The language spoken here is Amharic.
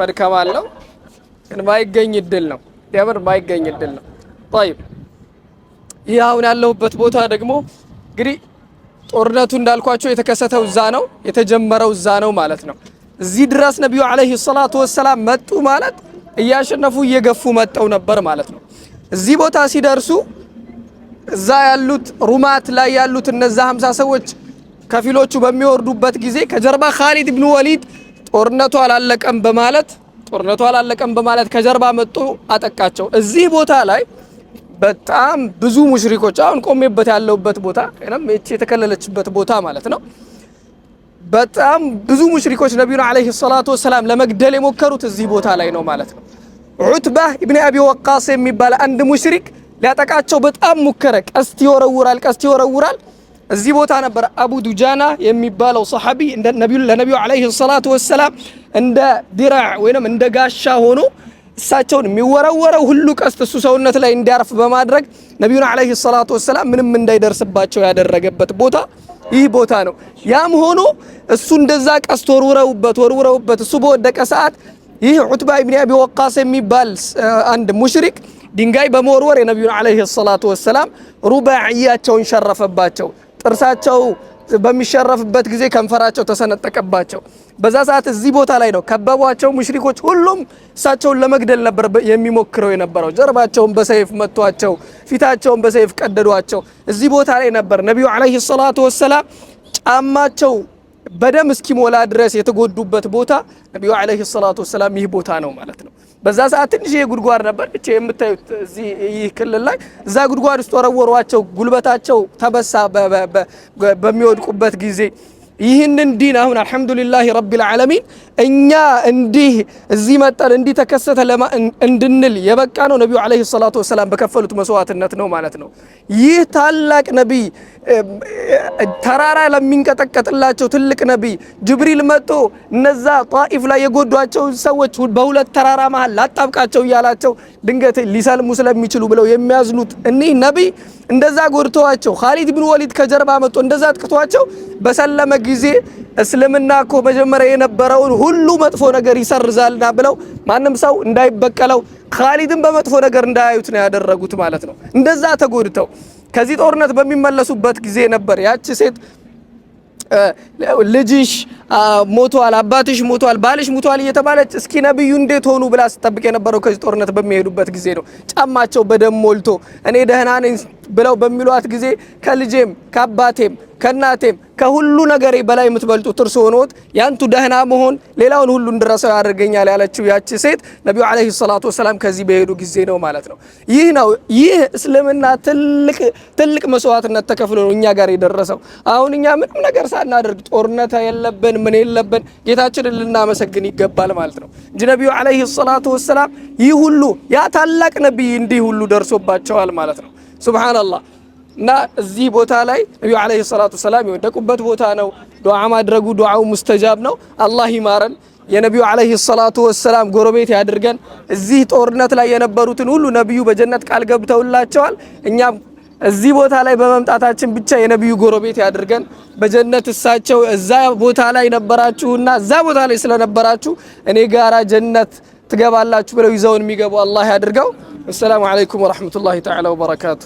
መድከም አለው፣ ግን ማይገኝ እድል ነው። የምር ማይገኝ እድል ነው። ጠይብ ይህ አሁን ያለሁበት ቦታ ደግሞ እንግዲህ ጦርነቱ እንዳልኳቸው የተከሰተው እዛ ነው፣ የተጀመረው እዛ ነው ማለት ነው። እዚህ ድረስ ነቢዩ አለይሂ ሰላቱ ወሰላም መጡ ማለት እያሸነፉ እየገፉ መጠው ነበር ማለት ነው። እዚህ ቦታ ሲደርሱ እዛ ያሉት ሩማት ላይ ያሉት እነዛ 50 ሰዎች ከፊሎቹ በሚወርዱበት ጊዜ ከጀርባ ኻሊድ ኢብኑ ወሊድ ጦርነቱ አላለቀም በማለት ጦርነቱ አላለቀም በማለት ከጀርባ መጡ፣ አጠቃቸው። እዚህ ቦታ ላይ በጣም ብዙ ሙሽሪኮች አሁን ቆሜበት ያለውበት ቦታ ከነም የተከለለችበት ቦታ ማለት ነው። በጣም ብዙ ሙሽሪኮች ነቢዩን አለይሂ ሰላቱ ወሰላም ለመግደል የሞከሩት እዚህ ቦታ ላይ ነው ማለት ነው። ዑትባ ኢብኑ አቢ ወቃስ የሚባል አንድ ሙሽሪክ ሊያጠቃቸው በጣም ሙከረ። ቀስት ይወረውራል፣ ቀስት ይወረውራል እዚህ ቦታ ነበር አቡ ዱጃና የሚባለው ሰሐቢ ለነቢዩ ዓለይሂ ሰላቱ ወሰላም እንደ ዲራዕ ወይም እንደ ጋሻ ሆኖ እሳቸውን የሚወረወረው ሁሉ ቀስት እሱ ሰውነት ላይ እንዲያርፍ በማድረግ ነቢዩን ዓለይሂ ሰላቱ ወሰላም ምንም እንዳይደርስባቸው ያደረገበት ቦታ ይህ ቦታ ነው። ያም ሆኖ እሱ እንደዛ ቀስት ወርውረውበት ወርውረውበት እሱ በወደቀ ሰዓት ይህ ዑትባ ኢብን አቢ ወቃስ የሚባል አንድ ሙሽሪክ ድንጋይ በመወርወር የነቢዩን ዓለይሂ ሰላቱ ወሰላም ሩባዕያቸውን ሸረፈባቸው። ጥርሳቸው በሚሸረፍበት ጊዜ ከንፈራቸው ተሰነጠቀባቸው። በዛ ሰዓት እዚህ ቦታ ላይ ነው ከበቧቸው። ሙሽሪኮች ሁሉም እሳቸውን ለመግደል ነበር የሚሞክረው የነበረው። ጀርባቸውን በሰይፍ መቷቸው፣ ፊታቸውን በሰይፍ ቀደዷቸው። እዚህ ቦታ ላይ ነበር ነቢዩ አለይሂ ሰላቱ ወሰላም ጫማቸው በደም እስኪሞላ ድረስ የተጎዱበት ቦታ ነቢዩ ዓለይሂ ሰላቱ ወሰላም ይህ ቦታ ነው ማለት ነው። በዛ ሰዓት ትንሽ ጉድጓድ ነበር ብቻ የምታዩት እዚህ ይህ ክልል ላይ እዛ ጉድጓድ ውስጥ ወረወሯቸው። ጉልበታቸው ተበሳ በሚወድቁበት ጊዜ ይህንን ዲን አሁን አልሐምዱሊላህ ረቢል ዓለሚን እኛ እንዲህ እዚህ መጠን እንዲህ ተከሰተ እንድንል የበቃ ነው ነቢዩ ዓለይሂ ሰላቱ ወሰላም በከፈሉት መስዋዕትነት ነው ማለት ነው። ይህ ታላቅ ነቢይ ተራራ ለሚንቀጠቀጥላቸው ትልቅ ነቢይ ጅብሪል መጥቶ እነዛ ጣኢፍ ላይ የጎዷቸው ሰዎች በሁለት ተራራ መሀል ላጣብቃቸው እያላቸው ድንገት ሊሰልሙ ስለሚችሉ ብለው የሚያዝኑት እኒህ ነቢይ እንደዛ ጎድተዋቸው፣ ኻሊድ ብን ወሊድ ከጀርባ መጥቶ እንደዛ አጥቅቷቸው በሰለመ ጊዜ እስልምና እኮ መጀመሪያ የነበረውን ሁሉ መጥፎ ነገር ይሰርዛልና ብለው ማንም ሰው እንዳይበቀለው ካሊድን በመጥፎ ነገር እንዳያዩት ነው ያደረጉት ማለት ነው። እንደዛ ተጎድተው ከዚህ ጦርነት በሚመለሱበት ጊዜ ነበር ያቺ ሴት ልጅሽ ሞቷል፣ አባትሽ ሞቷል፣ ባልሽ ሞቷል እየተባለች እስኪ ነብዩ እንዴት ሆኑ ብላ ስጠብቅ የነበረው ከዚህ ጦርነት በሚሄዱበት ጊዜ ነው። ጫማቸው በደም ሞልቶ እኔ ደህና ነኝ ብለው በሚሏት ጊዜ ከልጄም ከአባቴም ከእናቴም ከሁሉ ነገሬ በላይ የምትበልጡት እርሱ ሆኖት ያንቱ ደህና መሆን ሌላውን ሁሉ እንድረሰው ያደርገኛል ያለችው ያቺ ሴት ነቢዩ ዓለይሂ ሰላቱ ወሰላም ከዚህ በሄዱ ጊዜ ነው ማለት ነው። ይህ ነው ይህ እስልምና ትልቅ ትልቅ መስዋዕትነት ተከፍሎ ነው እኛ ጋር የደረሰው። አሁን እኛ ምንም ነገር ሳናደርግ ጦርነት የለብን ምን የለብን። ጌታችንን ልናመሰግን ይገባል ማለት ነው እንጂ ነቢዩ ዓለይሂ ሰላቱ ወሰላም ይህ ሁሉ ያ ታላቅ ነቢይ እንዲህ ሁሉ ደርሶባቸዋል ማለት ነው። ሱብሃነላህ እና እዚህ ቦታ ላይ ነቢዩ ዓለይሂ ሰላቱ ወሰላም የወደቁበት ቦታ ነው። ዱዓ ማድረጉ ዱዓው ሙስተጃብ ነው። አላህ ይማረን። የነቢዩ ዓለይሂ ሰላቱ ወሰላም ጎረቤት ያድርገን። እዚህ ጦርነት ላይ የነበሩትን ሁሉ ነቢዩ በጀነት ቃል ገብተውላቸዋል። እኛም እዚህ ቦታ ላይ በመምጣታችን ብቻ የነቢዩ ጎረቤት ያድርገን። በጀነት እሳቸው እዛ ቦታ ላይ ነበራችሁና እዛ ቦታ ላይ ስለነበራችሁ እኔ ጋራ ጀነት ትገባላችሁ ብለው ይዘውን የሚገቡ አላህ ያድርገው። አሰላሙ አለይኩም ወራህመቱላሂ ተዓላ ወበረካቱ።